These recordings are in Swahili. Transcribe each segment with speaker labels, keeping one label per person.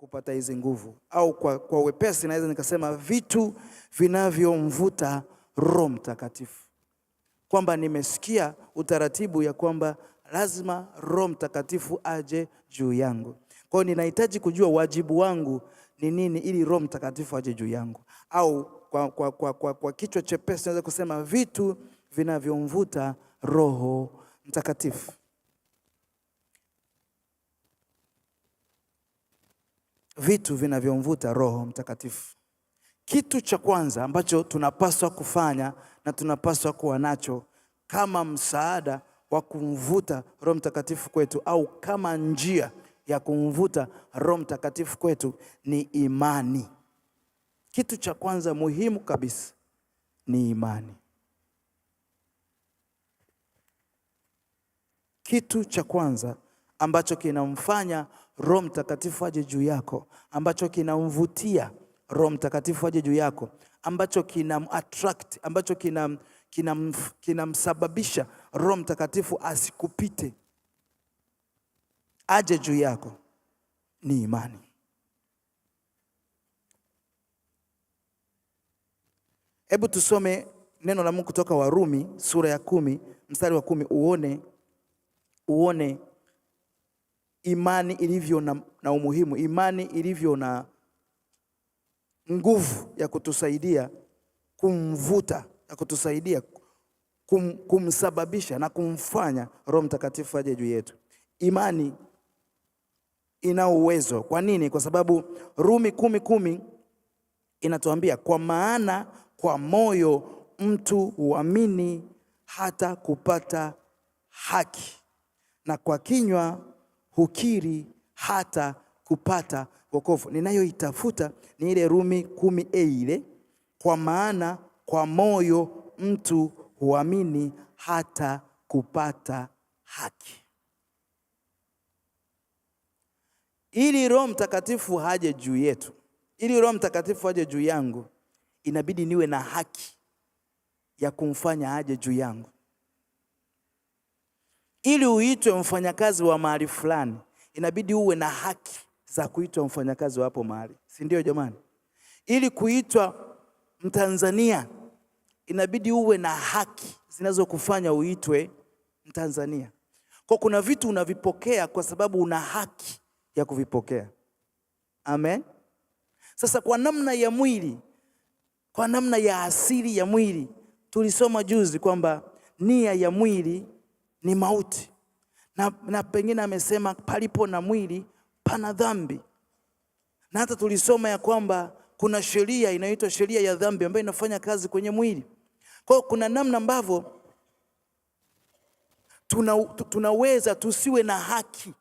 Speaker 1: kupata hizi nguvu, au kwa, kwa wepesi naweza nikasema vitu vinavyomvuta Roho Mtakatifu, kwamba nimesikia utaratibu ya kwamba lazima Roho Mtakatifu aje juu yangu. Kwa hiyo ninahitaji kujua wajibu wangu ni nini ili Roho Mtakatifu aje juu yangu, au kwa, kwa, kwa, kwa, kwa kichwa chepesi naweza kusema vitu vinavyomvuta Roho Mtakatifu. vitu vinavyomvuta Roho Mtakatifu. Kitu cha kwanza ambacho tunapaswa kufanya na tunapaswa kuwa nacho kama msaada wa kumvuta Roho Mtakatifu kwetu au kama njia ya kumvuta Roho Mtakatifu kwetu ni imani. Kitu cha kwanza muhimu kabisa ni imani. Kitu cha kwanza ambacho kinamfanya Roho Mtakatifu aje juu yako, ambacho kinamvutia Roho Mtakatifu aje juu yako, ambacho kinamattract, ambacho kinam kinamsababisha Roho Mtakatifu asikupite aje juu yako ni imani. Hebu tusome neno la Mungu kutoka Warumi sura ya kumi mstari wa kumi uone, uone imani ilivyo na, na umuhimu, imani ilivyo na nguvu ya kutusaidia kumvuta, ya kutusaidia kum, kumsababisha na kumfanya Roho Mtakatifu aje juu yetu. Imani ina uwezo. Kwa nini? Kwa sababu Rumi kumi kumi inatuambia kwa maana kwa moyo mtu huamini hata kupata haki na kwa kinywa hukiri hata kupata wokovu. Ninayoitafuta ni ile Rumi kumi e ile, kwa maana kwa moyo mtu huamini hata kupata haki. Ili Roho Mtakatifu haje juu yetu, ili Roho Mtakatifu aje juu yangu, inabidi niwe na haki ya kumfanya aje juu yangu. Ili uitwe mfanyakazi wa mahali fulani, inabidi uwe na haki za kuitwa mfanyakazi wa hapo mahali, si ndio jamani? Ili kuitwa Mtanzania, inabidi uwe na haki zinazokufanya uitwe Mtanzania. Kwa kuna vitu unavipokea kwa sababu una haki ya kuvipokea. Amen. Sasa kwa namna ya mwili, kwa namna ya asili ya mwili, tulisoma juzi kwamba nia ya mwili ni mauti na, na pengine amesema palipo na mwili pana dhambi, na hata tulisoma ya kwamba kuna sheria inayoitwa sheria ya dhambi ambayo inafanya kazi kwenye mwili. Kwa hiyo kuna namna ambavyo tuna, tunaweza tusiwe na haki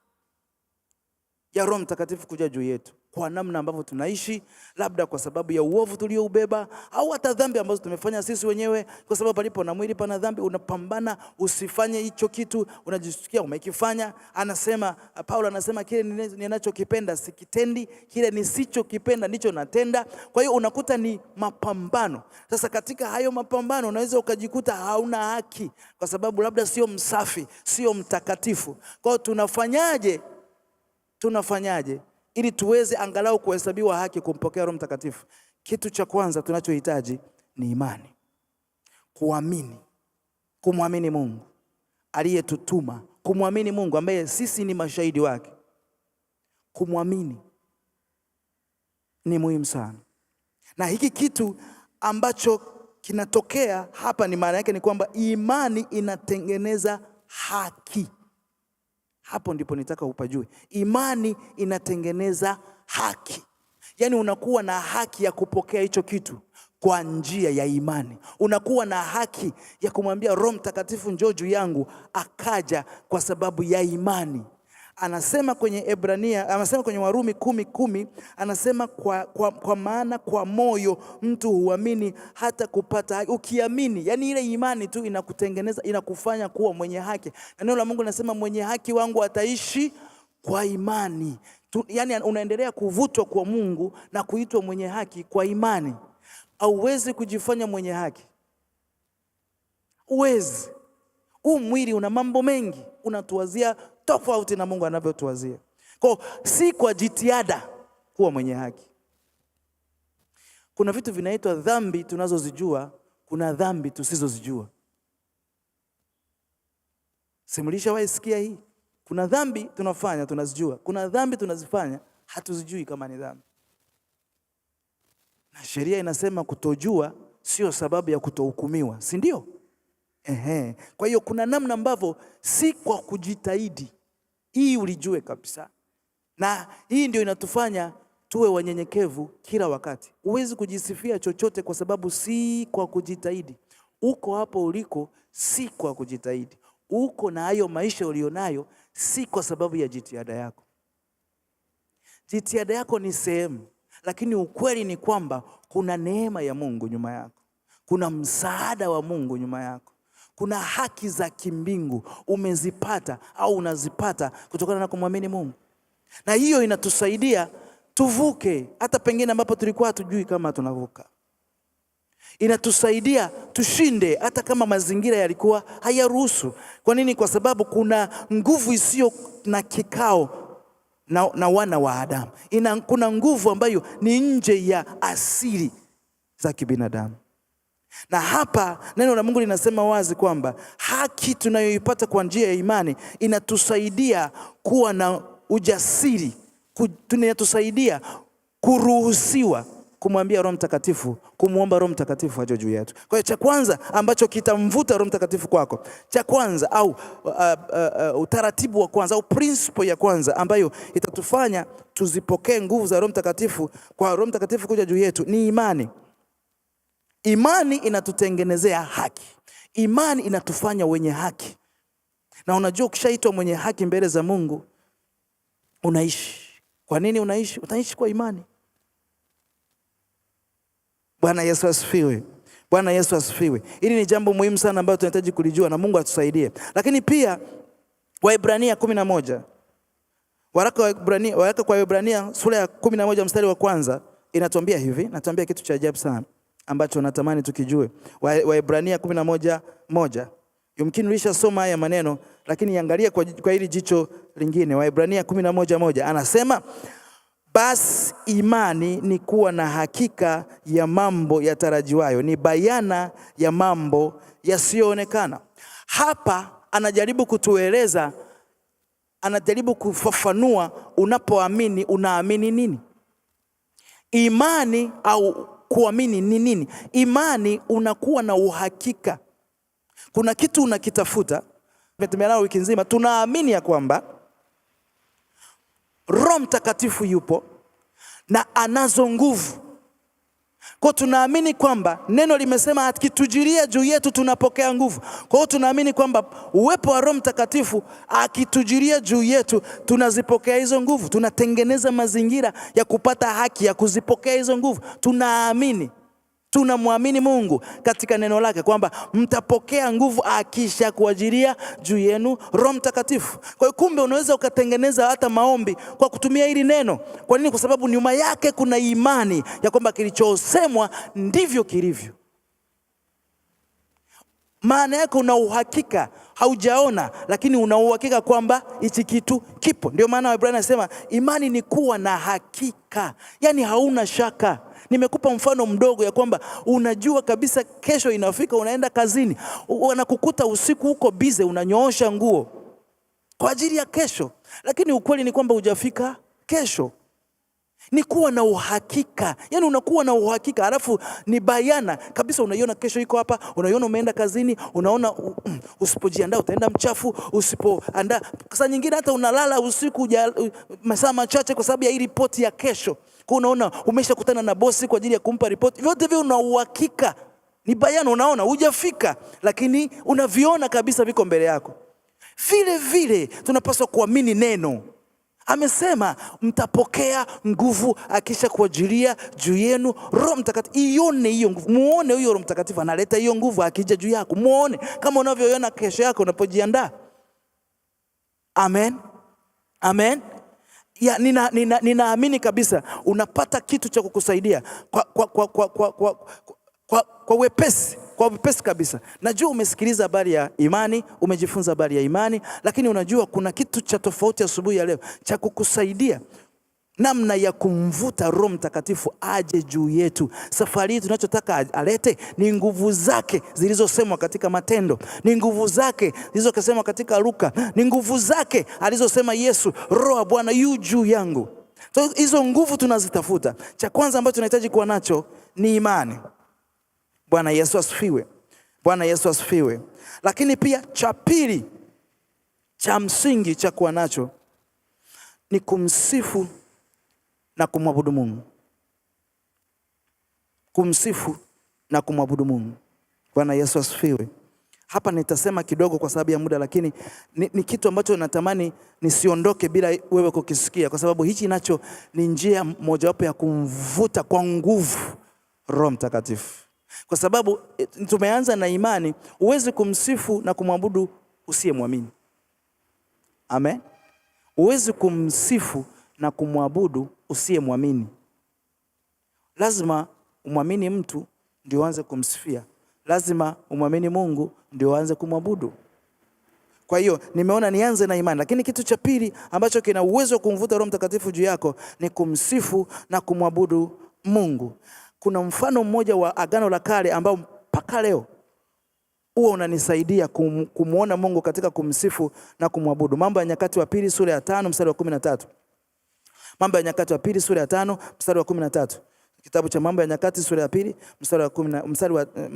Speaker 1: ya Roho Mtakatifu kuja juu yetu kwa namna ambavyo tunaishi, labda kwa sababu ya uovu tulioubeba au hata dhambi ambazo tumefanya sisi wenyewe, kwa sababu palipo na mwili pana dhambi. Unapambana usifanye hicho kitu, unajisikia umekifanya. Anasema Paulo, anasema kile ninachokipenda sikitendi, kile nisichokipenda ndicho natenda. Kwa hiyo unakuta ni mapambano. Sasa katika hayo mapambano, unaweza ukajikuta hauna haki, kwa sababu labda sio msafi, sio mtakatifu. Kwa hiyo tunafanyaje? Tunafanyaje ili tuweze angalau kuhesabiwa haki kumpokea Roho Mtakatifu. Kitu cha kwanza tunachohitaji ni imani, kuamini, kumwamini Mungu aliyetutuma, kumwamini Mungu ambaye sisi ni mashahidi wake. Kumwamini ni muhimu sana, na hiki kitu ambacho kinatokea hapa, ni maana yake ni kwamba imani inatengeneza haki. Hapo ndipo nitaka upajue. Imani inatengeneza haki, yaani unakuwa na haki ya kupokea hicho kitu kwa njia ya imani. Unakuwa na haki ya kumwambia Roho Mtakatifu, njoo juu yangu, akaja kwa sababu ya imani anasema kwenye Ebrania, anasema kwenye Warumi kumi kumi, anasema kwa, kwa, kwa maana kwa moyo mtu huamini hata kupata haki. Ukiamini, yani ile imani tu inakutengeneza inakufanya kuwa mwenye haki, na neno la Mungu linasema mwenye haki wangu ataishi kwa imani tu, yani unaendelea kuvutwa kwa Mungu na kuitwa mwenye haki kwa imani. auwezi kujifanya mwenye haki, uwezi. Huu mwili una mambo mengi, unatuwazia tofauti na Mungu anavyotuwazia. Kwa si kwa jitihada kuwa mwenye haki. Kuna vitu vinaitwa dhambi tunazozijua, kuna dhambi tusizozijua. Simulisha wahi sikia hii. Kuna dhambi tunafanya tunazijua, kuna dhambi tunazifanya hatuzijui kama ni dhambi, na sheria inasema kutojua sio sababu ya kutohukumiwa, si ndio? Ehe. Kwa hiyo kuna namna ambavyo si kwa kujitahidi hii ulijue kabisa, na hii ndio inatufanya tuwe wanyenyekevu kila wakati. Huwezi kujisifia chochote, kwa sababu si kwa kujitahidi. Uko hapo uliko, si kwa kujitahidi. Uko na hayo maisha ulionayo, si kwa sababu ya jitihada yako. Jitihada yako ni sehemu, lakini ukweli ni kwamba kuna neema ya Mungu nyuma yako, kuna msaada wa Mungu nyuma yako. Kuna haki za kimbingu umezipata au unazipata kutokana na kumwamini Mungu, na hiyo inatusaidia tuvuke hata pengine ambapo tulikuwa hatujui kama tunavuka. Inatusaidia tushinde hata kama mazingira yalikuwa hayaruhusu. Kwa nini? Kwa sababu kuna nguvu isiyo na kikao na, na wana wa Adamu. Ina, kuna nguvu ambayo ni nje ya asili za kibinadamu. Na hapa neno la Mungu linasema wazi kwamba haki tunayoipata kwa njia ya imani inatusaidia kuwa na ujasiri, inatusaidia kuruhusiwa kumwambia Roho Mtakatifu, kumwomba Roho Mtakatifu aje juu yetu. Kwa hiyo cha kwanza ambacho kitamvuta Roho Mtakatifu kwako, cha kwanza au uh, uh, uh, utaratibu wa kwanza au principle ya kwanza ambayo itatufanya tuzipokee nguvu za Roho Mtakatifu, kwa Roho Mtakatifu kuja juu yetu ni imani. Imani inatutengenezea haki, imani inatufanya wenye haki. Na unajua ukishaitwa mwenye haki mbele za Mungu unaishi. Kwa nini unaishi? Utaishi kwa imani. Bwana Yesu asifiwe. Bwana Yesu asifiwe. Hili ni jambo muhimu sana ambalo tunahitaji kulijua na Mungu atusaidie. Lakini pia Waebrania kumi na moja waraka Waibrania, waraka kwa Waibrania sura ya kumi na moja mstari wa kwanza inatuambia hivi, natuambia kitu cha ajabu sana ambacho natamani tukijue. Waebrania kumi na moja moja. Yumkini ulishasoma haya maneno lakini iangalie kwa, kwa hili jicho lingine. Waebrania kumi na moja moja anasema basi imani ni kuwa na hakika ya mambo yatarajiwayo, ni bayana ya mambo yasiyoonekana. Hapa anajaribu kutueleza, anajaribu kufafanua, unapoamini unaamini nini? Imani au kuamini ni nini? Imani unakuwa na uhakika, kuna kitu unakitafuta. Tumetembea nao wiki nzima, tunaamini ya kwamba Roho Mtakatifu yupo na anazo nguvu kwa tunaamini kwamba neno limesema akitujilia juu yetu tunapokea nguvu. Kwa hiyo tunaamini kwamba uwepo wa Roho Mtakatifu akitujilia juu yetu tunazipokea hizo nguvu, tunatengeneza mazingira ya kupata haki ya kuzipokea hizo nguvu. Tunaamini Tunamwamini Mungu katika neno lake kwamba mtapokea nguvu akisha kuajiria juu yenu Roho Mtakatifu. Kwa hiyo kumbe, unaweza ukatengeneza hata maombi kwa kutumia hili neno. Kwa nini? Kwa sababu nyuma yake kuna imani ya kwamba kilichosemwa ndivyo kilivyo. Maana yake una uhakika, haujaona lakini una uhakika kwamba hichi kitu kipo. Ndio maana Waebrania anasema imani ni kuwa na hakika, yaani hauna shaka Nimekupa mfano mdogo ya kwamba unajua kabisa kesho inafika, unaenda kazini, wanakukuta usiku huko bize, unanyoosha nguo kwa ajili ya kesho, lakini ukweli ni kwamba hujafika kesho ni kuwa na uhakika, yani unakuwa na uhakika, alafu ni bayana kabisa, unaiona kesho iko hapa, unaiona umeenda kazini, unaona mm, usipojiandaa utaenda mchafu, usipoandaa. Saa nyingine hata unalala usiku masaa machache kwa sababu ya hii ripoti ya kesho, kwa unaona umeshakutana na bosi kwa ajili ya kumpa ripoti, vyote vyo una uhakika, ni bayana, unaona hujafika, lakini unaviona kabisa viko mbele yako. Vile vile tunapaswa kuamini neno amesema mtapokea nguvu akisha kuajiria juu yenu Roho Mtakatifu. Ione hiyo nguvu, muone huyo Roho Mtakatifu analeta hiyo nguvu akija juu yako, muone kama unavyoiona kesho yako unapojiandaa. Amen, amen. Ya, nina, nina, ninaamini kabisa unapata kitu cha kukusaidia kwa, kwa, kwa, kwa, kwa, kwa, kwa, kwa wepesi kwa wepesi kabisa. Najua umesikiliza habari ya imani, umejifunza habari ya imani, lakini unajua kuna kitu cha tofauti asubuhi ya, ya leo cha kukusaidia namna ya kumvuta Roho Mtakatifu aje juu yetu. Safari hii tunachotaka alete ni nguvu zake zilizosemwa katika Matendo, ni nguvu zake zilizosemwa katika Luka, ni nguvu zake alizosema Yesu, Roho wa Bwana yu juu yangu. So hizo nguvu tunazitafuta. Cha kwanza ambacho tunahitaji kuwa nacho ni imani. Bwana Yesu asifiwe. Bwana Yesu asifiwe. Lakini pia cha pili cha msingi cha kuwa nacho ni kumsifu na kumwabudu Mungu, kumsifu na kumwabudu Mungu. Bwana Yesu asifiwe. Hapa nitasema kidogo kwa sababu ya muda, lakini ni, ni kitu ambacho natamani nisiondoke bila wewe kukisikia, kwa sababu hichi nacho ni njia mojawapo ya kumvuta kwa nguvu Roho Mtakatifu kwa sababu eh, tumeanza na imani. Huwezi kumsifu na kumwabudu usiyemwamini. Amen. Huwezi kumsifu na kumwabudu usiyemwamini. Lazima umwamini mtu ndio uanze kumsifia, lazima umwamini Mungu ndio uanze kumwabudu. Kwa hiyo nimeona nianze na imani, lakini kitu cha pili ambacho kina uwezo wa kumvuta Roho Mtakatifu juu yako ni kumsifu na kumwabudu Mungu kuna mfano mmoja wa Agano la Kale ambao mpaka leo huo unanisaidia kum, kumuona Mungu katika kumsifu na kumwabudu. Mambo ya Nyakati wa pili sura ya tano mstari wa kumi na tatu. Mambo ya Nyakati wa pili sura ya tano mstari wa kumi na tatu. Kitabu cha Mambo ya Nyakati sura ya pili mstari wa kumi na mstari wa eh,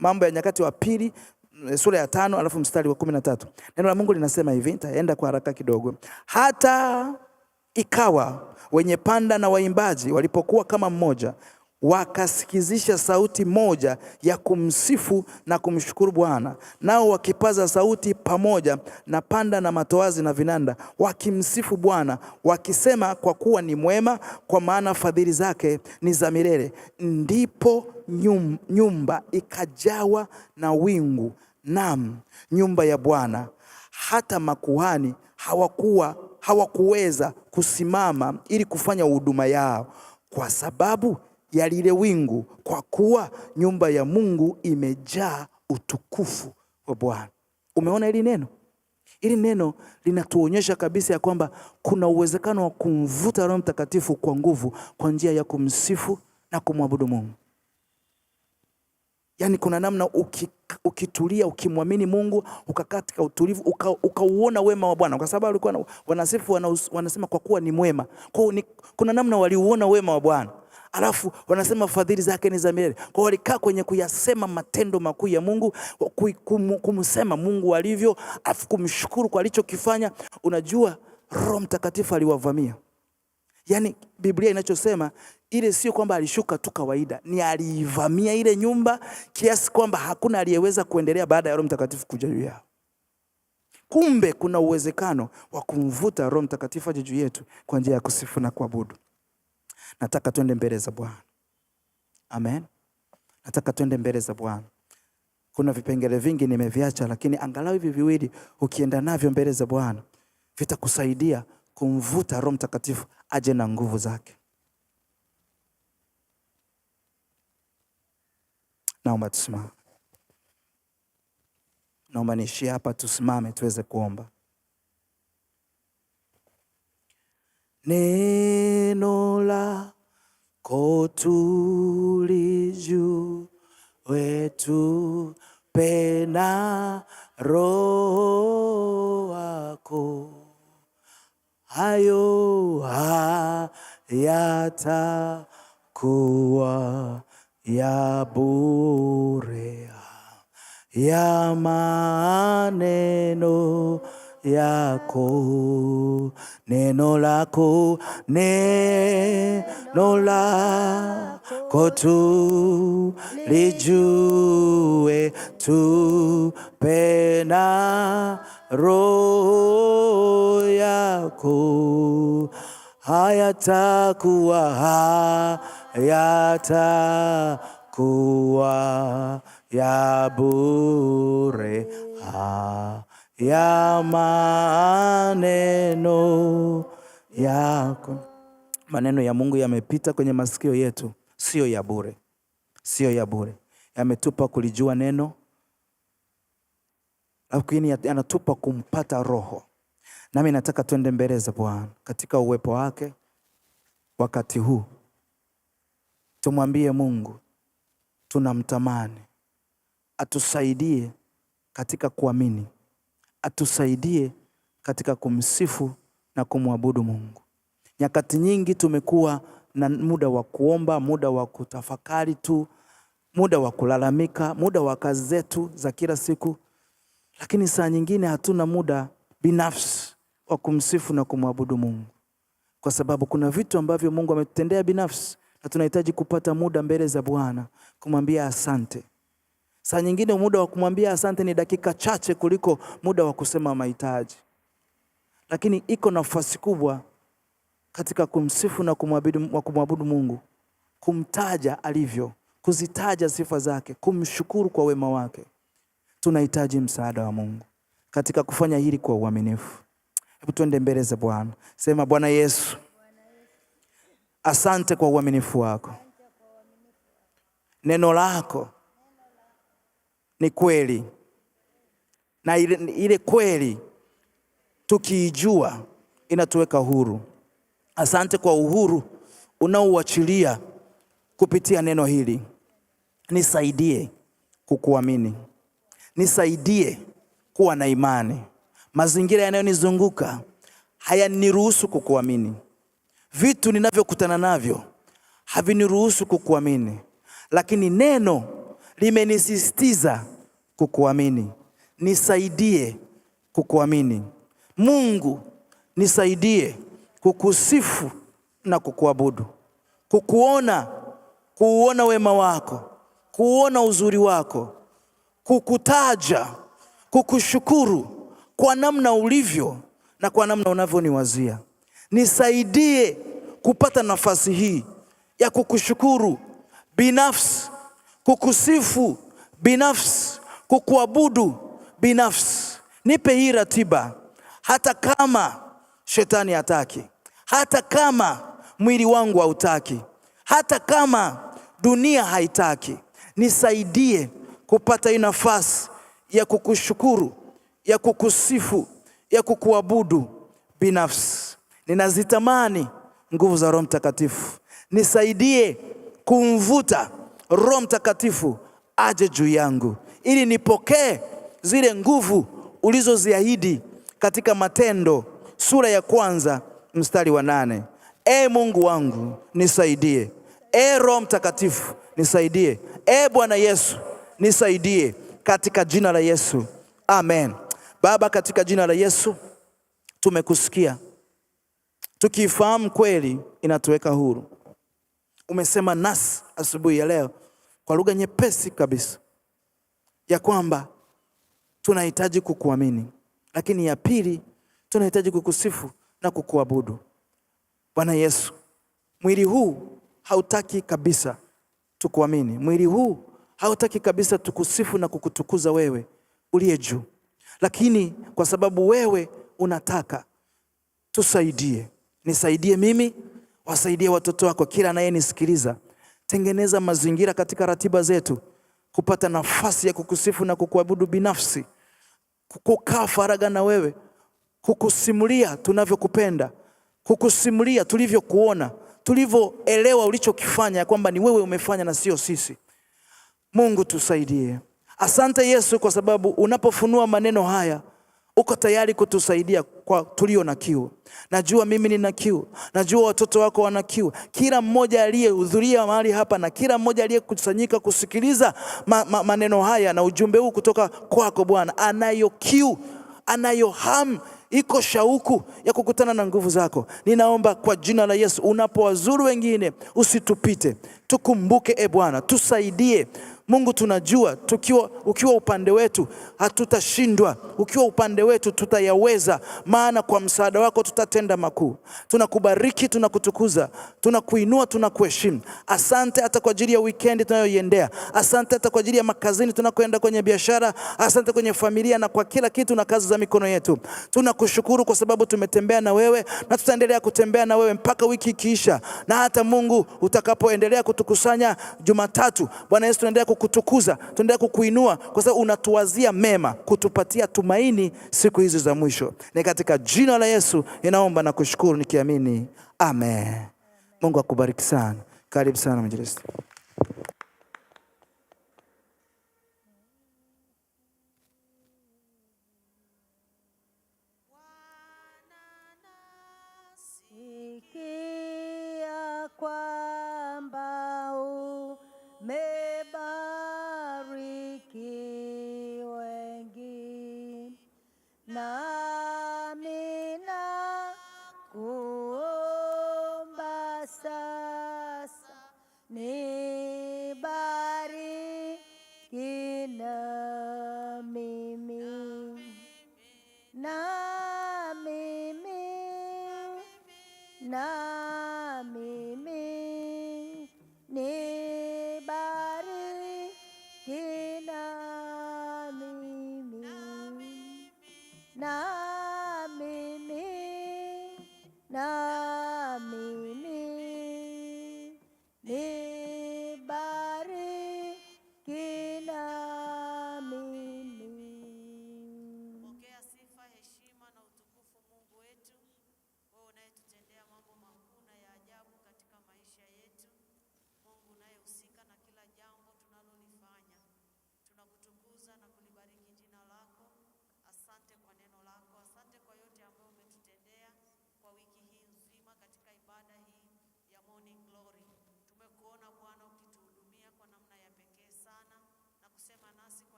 Speaker 1: Mambo ya Nyakati wa pili eh, sura ya tano alafu mstari wa kumi na tatu. Neno la Mungu linasema hivi, nitaenda kwa haraka kidogo. Hata ikawa wenye panda na waimbaji walipokuwa kama mmoja wakasikizisha sauti moja ya kumsifu na kumshukuru Bwana, nao wakipaza sauti pamoja na panda na matoazi na vinanda, wakimsifu Bwana wakisema, kwa kuwa ni mwema, kwa maana fadhili zake ni za milele. Ndipo nyumba ikajawa na wingu, naam, nyumba ya Bwana. Hata makuhani hawakuwa hawakuweza kusimama ili kufanya huduma yao kwa sababu ya lile wingu, kwa kuwa nyumba ya Mungu imejaa utukufu wa Bwana. Umeona hili neno? Hili neno linatuonyesha kabisa ya kwamba kuna uwezekano wa kumvuta Roho Mtakatifu kwa nguvu kwa njia ya kumsifu na kumwabudu Mungu. Yaani kuna namna uki, ukitulia ukimwamini Mungu ukakaa katika utulivu ukauona uka wema wa Bwana, kwa sababu walikuwa wanasifu wanasema kwa kuwa ni mwema. Kwa hiyo kuna namna waliuona wema wa Bwana alafu wanasema fadhili zake ni za milele. Kwa walikaa kwenye kuyasema matendo makuu ya Mungu, kumsema Mungu alivyo, afu kumshukuru kwa alichokifanya. Unajua Roho Mtakatifu aliwavamia. Yaani Biblia inachosema ile sio kwamba alishuka tu kawaida, ni aliivamia ile nyumba kiasi kwamba hakuna aliyeweza kuendelea baada ya Roho Mtakatifu kuja juu yao. Kumbe kuna uwezekano wa kumvuta Roho Mtakatifu aje juu yetu kwa njia ya kusifu na kuabudu. Nataka twende mbele za Bwana. Amen. Nataka twende mbele za Bwana. Kuna vipengele vingi nimeviacha, lakini angalau hivi viwili ukienda navyo mbele za Bwana vitakusaidia kumvuta Roho Mtakatifu aje na nguvu zake. Naomba tusimame, naomba niishie hapa, tusimame tuweze kuomba. Neno lako tulijue, tupe na Roho wako, hayo hayatakuwa ya bure, ya maneno yako neno lako neno lako tu lijue tu pena roho yako hayatakuwa hayatakuwa ya bure ha ya maneno yako. Maneno ya Mungu yamepita kwenye masikio yetu, sio ya bure, sio ya bure. Yametupa kulijua neno, lakini yanatupa kumpata Roho. Nami nataka tuende mbele za Bwana katika uwepo wake wakati huu, tumwambie Mungu tunamtamani, atusaidie katika kuamini atusaidie katika kumsifu na kumwabudu Mungu. Nyakati nyingi tumekuwa na muda wa kuomba, muda wa kutafakari tu, muda wa kulalamika, muda wa kazi zetu za kila siku, lakini saa nyingine hatuna muda binafsi wa kumsifu na kumwabudu Mungu, kwa sababu kuna vitu ambavyo Mungu ametutendea binafsi na tunahitaji kupata muda mbele za Bwana kumwambia asante. Saa nyingine muda wa kumwambia asante ni dakika chache kuliko muda wa kusema mahitaji, lakini iko nafasi kubwa katika kumsifu na kumwabudu Mungu, kumtaja alivyo, kuzitaja sifa zake, kumshukuru kwa wema wake. Tunahitaji msaada wa Mungu katika kufanya hili kwa uaminifu. Hebu tuende mbele za Bwana. Sema, Bwana Yesu, asante kwa uaminifu wako, neno lako ni kweli, na ile, ile kweli tukiijua inatuweka huru. Asante kwa uhuru unaouachilia kupitia neno hili. Nisaidie kukuamini, nisaidie kuwa na imani. Mazingira yanayonizunguka hayaniruhusu kukuamini, vitu ninavyokutana navyo haviniruhusu kukuamini, lakini neno limenisisitiza kukuamini. Nisaidie kukuamini. Mungu, nisaidie kukusifu na kukuabudu, kukuona, kuuona wema wako, kuuona uzuri wako, kukutaja, kukushukuru kwa namna ulivyo na kwa namna unavyoniwazia. Nisaidie kupata nafasi hii ya kukushukuru binafsi, kukusifu binafsi kukuabudu binafsi. Nipe hii ratiba, hata kama shetani hataki, hata kama mwili wangu hautaki, hata kama dunia haitaki, nisaidie kupata hii nafasi ya kukushukuru, ya kukusifu, ya kukuabudu binafsi. Ninazitamani nguvu za Roho Mtakatifu, nisaidie kumvuta Roho Mtakatifu aje juu yangu ili nipokee zile nguvu ulizoziahidi katika Matendo sura ya kwanza mstari wa nane. E Mungu wangu nisaidie, e Roho Mtakatifu nisaidie, e Bwana Yesu nisaidie, katika jina la Yesu amen. Baba, katika jina la Yesu tumekusikia, tukifahamu kweli inatuweka huru. Umesema nasi asubuhi ya leo kwa lugha nyepesi kabisa ya kwamba tunahitaji kukuamini, lakini ya pili tunahitaji kukusifu na kukuabudu. Bwana Yesu, mwili huu hautaki kabisa tukuamini, mwili huu hautaki kabisa tukusifu na kukutukuza wewe uliye juu, lakini kwa sababu wewe unataka, tusaidie, nisaidie mimi, wasaidie watoto wako, kila anayenisikiliza, tengeneza mazingira katika ratiba zetu kupata nafasi ya kukusifu na kukuabudu binafsi, kukaa faraga na wewe, kukusimulia tunavyokupenda, kukusimulia tulivyokuona, tulivyoelewa ulichokifanya, ya kwamba ni wewe umefanya na sio sisi. Mungu tusaidie. Asante Yesu, kwa sababu unapofunua maneno haya uko tayari kutusaidia kwa tulio na kiu. Najua mimi nina kiu, najua watoto wako wana kiu. Kila mmoja aliyehudhuria mahali hapa na kila mmoja aliyekusanyika kusikiliza ma, ma, maneno haya na ujumbe huu kutoka kwako Bwana, anayo kiu, anayo hamu iko shauku ya kukutana na nguvu zako. Ninaomba kwa jina la Yesu, unapowazuru wengine usitupite, tukumbuke e Bwana, tusaidie Mungu tunajua tukiwa, ukiwa upande wetu hatutashindwa, ukiwa upande wetu tutayaweza, maana kwa msaada wako tutatenda makuu. Tunakubariki, tunakutukuza, tunakuinua, tunakuheshimu. Asante hata kwa ajili ya wikendi tunayoiendea, asante hata kwa ajili ya makazini tunakoenda, kwenye biashara, asante kwenye familia na kwa kila kitu na kazi za mikono yetu. Tunakushukuru kwa sababu tumetembea na wewe na tutaendelea kutembea na wewe mpaka wiki ikiisha, na hata Mungu utakapoendelea kutukusanya Jumatatu, Bwana Yesu tunaendelea kukutukuza, tunaendelea kukuinua kwa sababu unatuwazia mema, kutupatia tumaini siku hizi za mwisho. Ni katika jina la Yesu ninaomba na kushukuru nikiamini, amen. Mungu akubariki sana. Karibu sana mwinjilisti.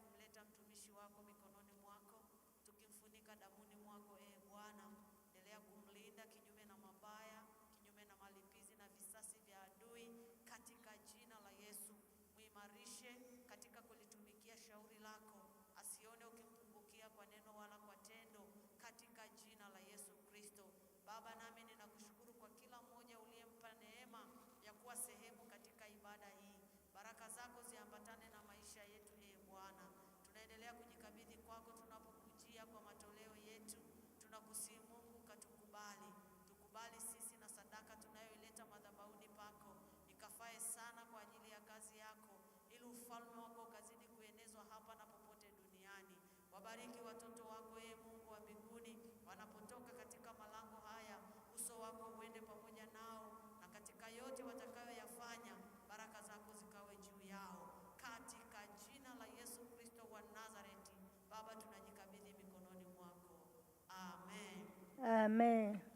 Speaker 2: kumleta mtumishi wako mikononi mwako, tukimfunika damuni mwako e Wabariki watoto wako ee Mungu wa mbinguni, wanapotoka katika malango haya, uso wako uende pamoja nao, na katika yote watakayoyafanya, baraka zako zikawe juu yao, katika jina la Yesu Kristo wa Nazareti. Baba, tunajikabidhi mikononi mwako. Amen, amen.